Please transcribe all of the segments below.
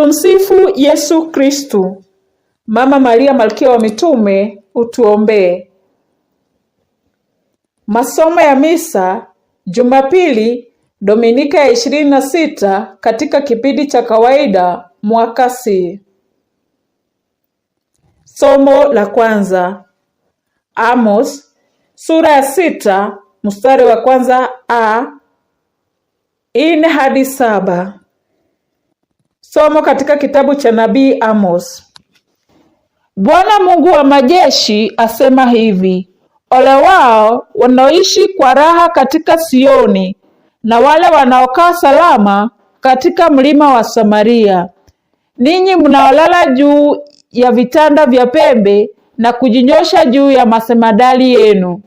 Tumsifu Yesu Kristu. Mama Maria Malkia wa Mitume, utuombee. Masomo ya Misa Jumapili, Dominika ya ishirini na sita katika kipindi cha kawaida mwaka C. Somo la kwanza Amos sura ya sita mstari wa kwanza a ine hadi saba Somo katika kitabu cha nabii Amos. Bwana Mungu wa majeshi asema hivi: ole wao wanaoishi kwa raha katika Sioni na wale wanaokaa salama katika mlima wa Samaria. Ninyi mnaolala juu ya vitanda vya pembe na kujinyosha juu ya masemadali yenu,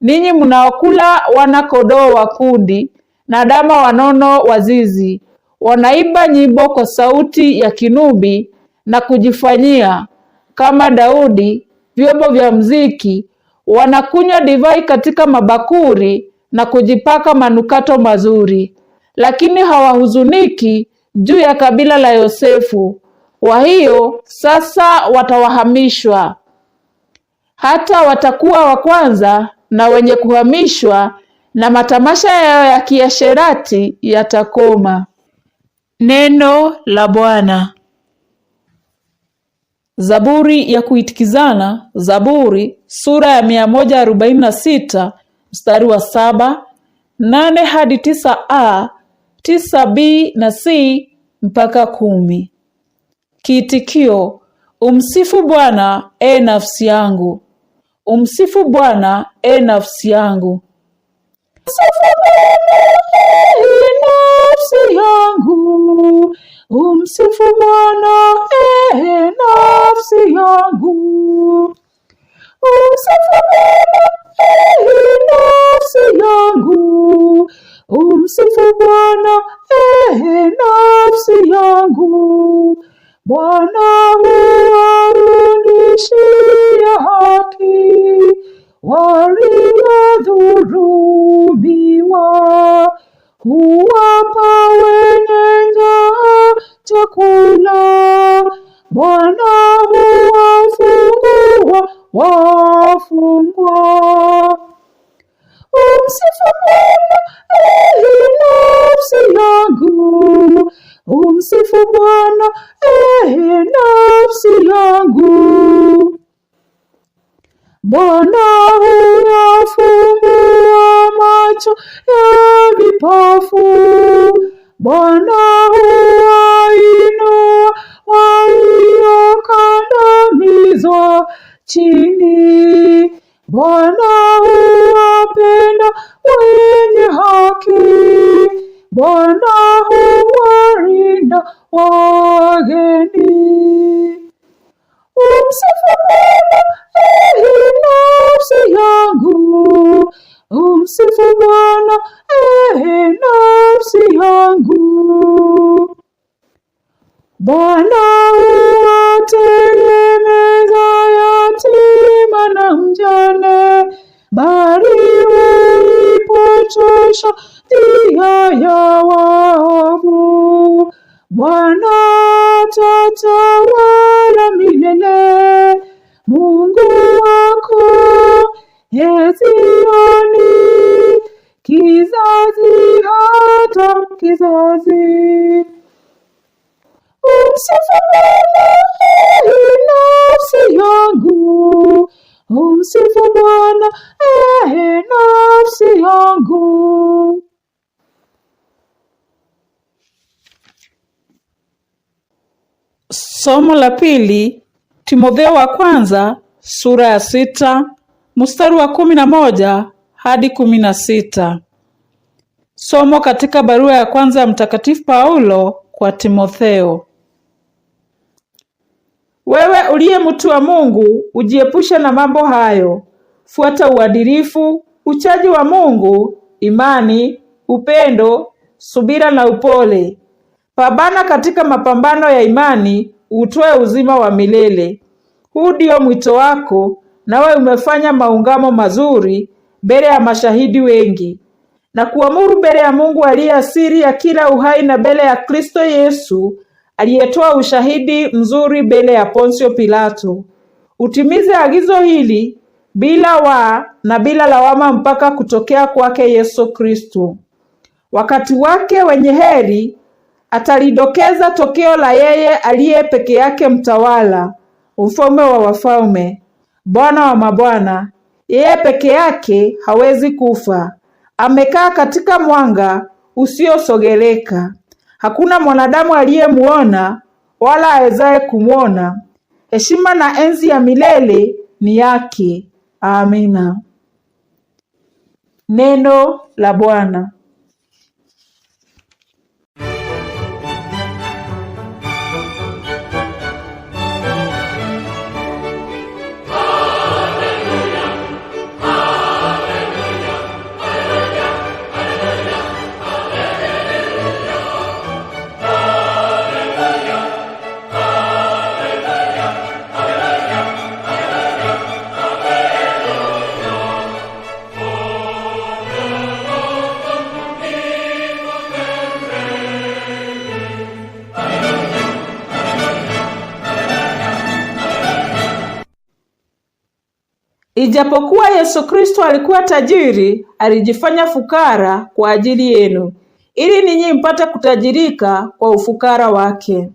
ninyi mnaokula wana kondoo wa kundi na dama wanono wazizi wanaimba nyimbo kwa sauti ya kinubi na kujifanyia kama Daudi vyombo vya mziki, wanakunywa divai katika mabakuri na kujipaka manukato mazuri, lakini hawahuzuniki juu ya kabila la Yosefu. Kwa hiyo sasa watawahamishwa, hata watakuwa wa kwanza na wenye kuhamishwa, na matamasha yao ya kiasherati yatakoma. Neno la Bwana. Zaburi ya kuitikizana, Zaburi sura ya mia moja arobaini na sita mstari wa saba nane hadi tisa a tisa b na c mpaka kumi. Kiitikio: umsifu Bwana e nafsi yangu, umsifu Bwana e nafsi yangu nafsi yangu, umsifu Bwana ee nafsi yangu, umsifu Bwana ee nafsi yangu, umsifu Bwana ee nafsi yangu. Bwana huwarudishia haki waliodhulumiwa huwapa wenye njaa chakula. Bwana huwafungua wafungwa. Umsifu Bwana, ee nafsi yangu, umsifu Bwana, ee nafsi yangu. Bwana huyafungua macho ya ee vipofu. Bwana huwainua waliokandamizwa chini. Bwana huwapenda wenye haki. Bwana huwalinda wageni. Umsifu Bwana, ee nafsi yangu. umsifu Bwana ehe nafsi yangu. Bwana huwatengemeza yatima na mjane, bali huipochosha dhia ya waovu. Bwana tata hata kizazi. Umsifu Bwana, ee nafsi yangu, umsifu Bwana, ee nafsi yangu. Somo la pili, Timotheo wa kwanza sura ya sita mstari wa kumi na moja hadi kumi na sita. Somo katika barua ya kwanza ya Mtakatifu Paulo kwa Timotheo. Wewe uliye mtu wa Mungu, ujiepushe na mambo hayo. Fuata uadilifu, uchaji wa Mungu, imani, upendo, subira na upole. Pambana katika mapambano ya imani, utoe uzima wa milele. Huu ndio mwito wako, nawe umefanya maungamo mazuri mbele ya mashahidi wengi na kuamuru mbele ya Mungu aliye asiri ya kila uhai na mbele ya Kristo Yesu aliyetoa ushahidi mzuri mbele ya Ponsio Pilato, utimize agizo hili bila wa na bila lawama mpaka kutokea kwake Yesu Kristo. Wakati wake wenye heri atalidokeza tokeo la yeye aliye peke yake mtawala, mfalme wa wafalme, Bwana wa mabwana. Yeye peke yake hawezi kufa amekaa katika mwanga usiosogeleka. Hakuna mwanadamu aliyemuona wala awezaye kumwona. Heshima na enzi ya milele ni yake. Amina. Neno la Bwana. Ijapokuwa Yesu Kristo alikuwa tajiri, alijifanya fukara kwa ajili yenu, ili ninyi mpate kutajirika kwa ufukara wake.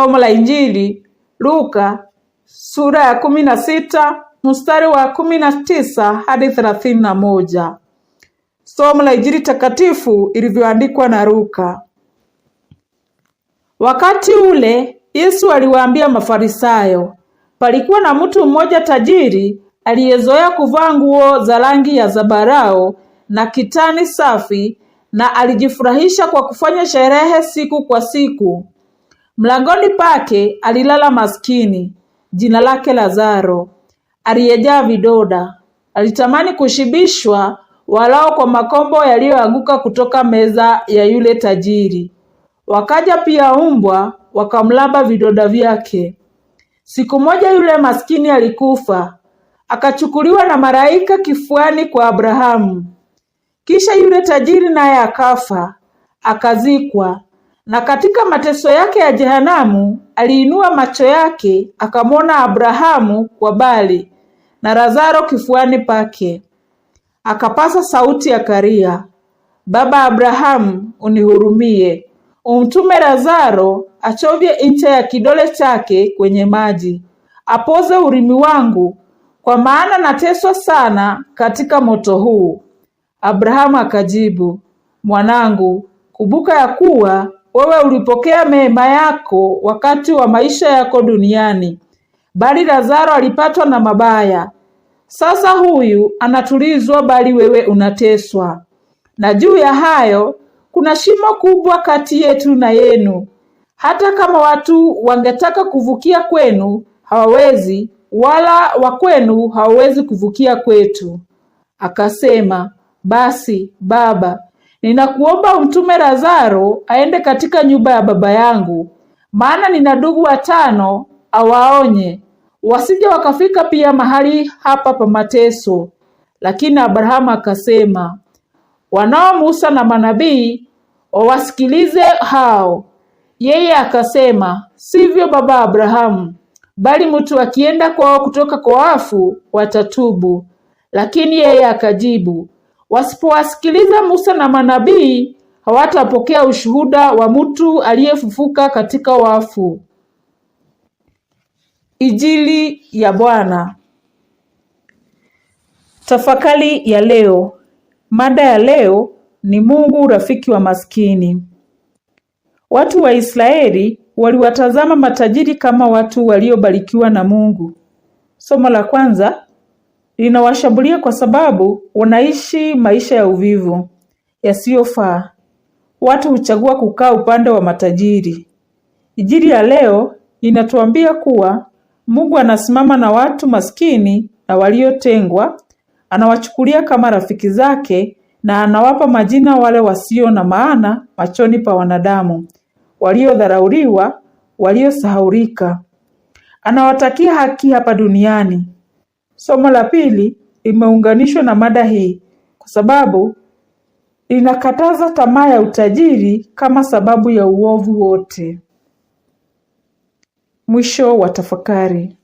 Somo la Injili Luka sura ya kumi na sita mstari wa kumi na tisa hadi thelathini na moja. Somo la Injili takatifu ilivyoandikwa na Luka. Wakati ule Yesu aliwaambia Mafarisayo, palikuwa na mtu mmoja tajiri aliyezoea kuvaa nguo za rangi ya zabarao na kitani safi, na alijifurahisha kwa kufanya sherehe siku kwa siku. Mlangoni pake alilala maskini, jina lake Lazaro, aliyejaa vidoda. Alitamani kushibishwa walao kwa makombo yaliyoanguka kutoka meza ya yule tajiri. Wakaja pia umbwa wakamlamba vidoda vyake. Siku moja yule maskini alikufa, akachukuliwa na malaika kifuani kwa Abrahamu. Kisha yule tajiri naye akafa, akazikwa na katika mateso yake ya jehanamu aliinua macho yake akamwona Abrahamu kwa bali na Lazaro kifuani pake, akapasa sauti ya karia, Baba Abrahamu, unihurumie, umtume Lazaro achovye ncha ya kidole chake kwenye maji, apoze urimi wangu, kwa maana nateswa sana katika moto huu. Abrahamu akajibu, mwanangu, kumbuka ya kuwa wewe ulipokea mema yako wakati wa maisha yako duniani, bali Lazaro alipatwa na mabaya. Sasa huyu anatulizwa, bali wewe unateswa. Na juu ya hayo kuna shimo kubwa kati yetu na yenu. Hata kama watu wangetaka kuvukia kwenu hawawezi, wala wa kwenu hawawezi kuvukia kwetu. Akasema, basi Baba, Ninakuomba umtume Lazaro aende katika nyumba ya baba yangu, maana nina ndugu watano, awaonye wasije wakafika pia mahali hapa pa mateso. Lakini Abrahamu akasema, wanao Musa na manabii, wawasikilize hao. Yeye akasema, sivyo baba Abrahamu, bali mtu akienda kwao kutoka kwa wafu watatubu. Lakini yeye akajibu Wasipowasikiliza Musa na manabii hawatapokea ushuhuda wa mtu aliyefufuka katika wafu. ijili ya Bwana. Tafakari ya leo. Mada ya leo ni Mungu rafiki wa maskini. Watu wa Israeli waliwatazama matajiri kama watu waliobarikiwa na Mungu. Somo la kwanza linawashambulia kwa sababu wanaishi maisha ya uvivu yasiyofaa. Watu huchagua kukaa upande wa matajiri. Injili ya leo inatuambia kuwa Mungu anasimama na watu maskini na waliotengwa, anawachukulia kama rafiki zake na anawapa majina wale wasio na maana machoni pa wanadamu, waliodharauliwa, waliosahaulika. Anawatakia haki hapa duniani. Somo la pili limeunganishwa na mada hii kwa sababu inakataza tamaa ya utajiri kama sababu ya uovu wote. Mwisho wa tafakari.